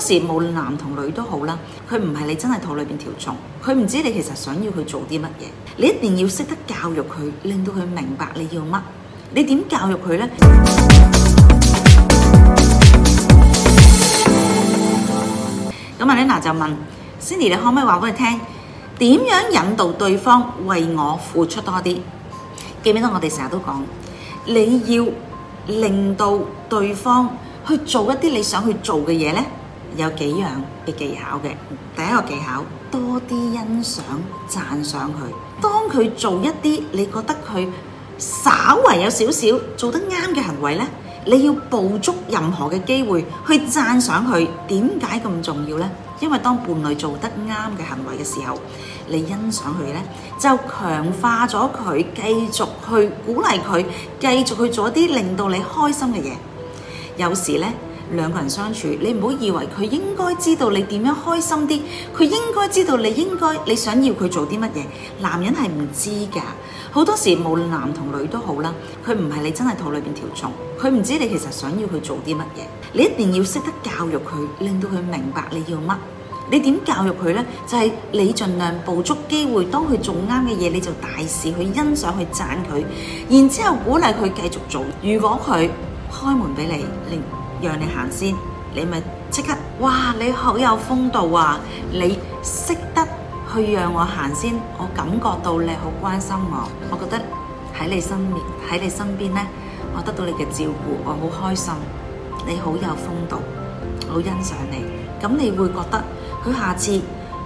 當時無論男同女都好啦，佢唔係你真係肚裏邊條蟲，佢唔知你其實想要佢做啲乜嘢。你一定要識得教育佢，令到佢明白你要乜。你點教育佢呢？咁阿 Lina 就問 Cindy，你可唔可以話俾佢聽點樣引導對方為我付出多啲？記唔記得我哋成日都講，你要令到對方去做一啲你想去做嘅嘢呢？有幾樣嘅技巧嘅，第一個技巧多啲欣賞讚賞佢，當佢做一啲你覺得佢稍為有少少做得啱嘅行為呢，你要捕捉任何嘅機會去讚賞佢。點解咁重要呢？因為當伴侶做得啱嘅行為嘅時候，你欣賞佢呢，就強化咗佢，繼續去鼓勵佢，繼續去做啲令到你開心嘅嘢。有時呢。兩個人相處，你唔好以為佢應該知道你點樣開心啲，佢應該知道你應該你想要佢做啲乜嘢。男人係唔知㗎，好多時無論男同女都好啦，佢唔係你真係肚裏邊條蟲，佢唔知你其實想要佢做啲乜嘢。你一定要識得教育佢，令到佢明白你要乜。你點教育佢呢？就係你盡量捕捉機會，當佢做啱嘅嘢，你就大肆去欣賞去讚佢，然之後鼓勵佢繼續做。如果佢開門俾你，令讓你行先，你咪即刻哇！你好有風度啊！你識得去讓我行先，我感覺到你好關心我，我覺得喺你身邊喺你身邊呢，我得到你嘅照顧，我好開心。你好有風度，我好欣賞你。咁你會覺得佢下次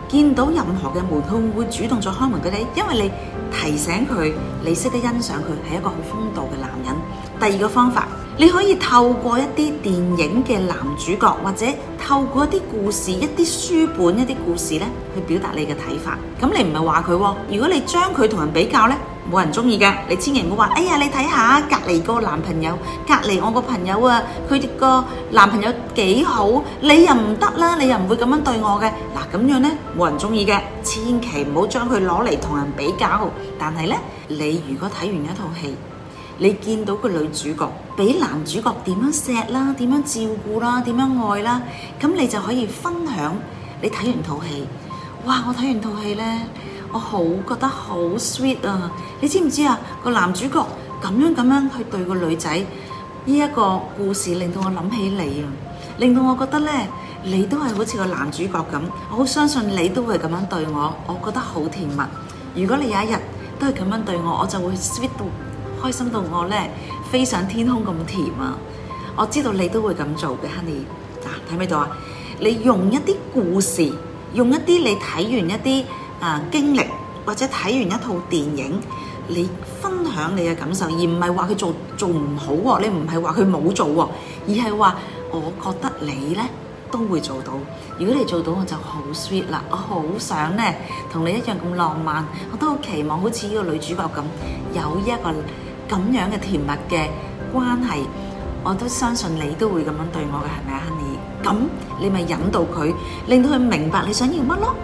見到任何嘅門，佢會主動再開門畀你，因為你提醒佢，你識得欣賞佢，係一個好風度嘅男人。第二個方法。你可以透過一啲電影嘅男主角，或者透過一啲故事、一啲書本、一啲故事咧，去表達你嘅睇法。咁你唔係話佢，如果你將佢同人比較咧，冇人中意嘅。你千祈唔好話，哎呀，你睇下隔籬個男朋友，隔籬我個朋友啊，佢哋個男朋友幾好，你又唔得啦，你又唔會咁樣對我嘅。嗱，咁樣咧冇人中意嘅，千祈唔好將佢攞嚟同人比較。但係咧，你如果睇完一套戲。你見到個女主角俾男主角點樣錫啦，點樣照顧啦，點樣愛啦，咁你就可以分享。你睇完套戲，哇！我睇完套戲呢，我好覺得好 sweet 啊！你知唔知啊？個男主角咁樣咁樣去對個女仔，呢、這、一個故事令到我諗起你啊，令到我覺得呢，你都係好似個男主角咁，我好相信你都會咁樣對我，我覺得好甜蜜。如果你有一日都係咁樣對我，我就會 sweet 到、啊。開心到我咧飛上天空咁甜啊！我知道你都會咁做嘅，Honey。嗱、啊，睇咩？到啊？你用一啲故事，用一啲你睇完一啲啊、呃、經歷，或者睇完一套電影，你分享你嘅感受，而唔係話佢做做唔好喎、啊。你唔係話佢冇做喎、啊，而係話我覺得你咧都會做到。如果你做到，我就好 sweet 啦！我好想咧同你一樣咁浪漫，我都好期望好似呢個女主角咁有一個。咁樣嘅甜蜜嘅關係，我都相信你都會咁樣對我嘅，係咪啊？Honey，咁你咪引導佢，令到佢明白你想要乜咯？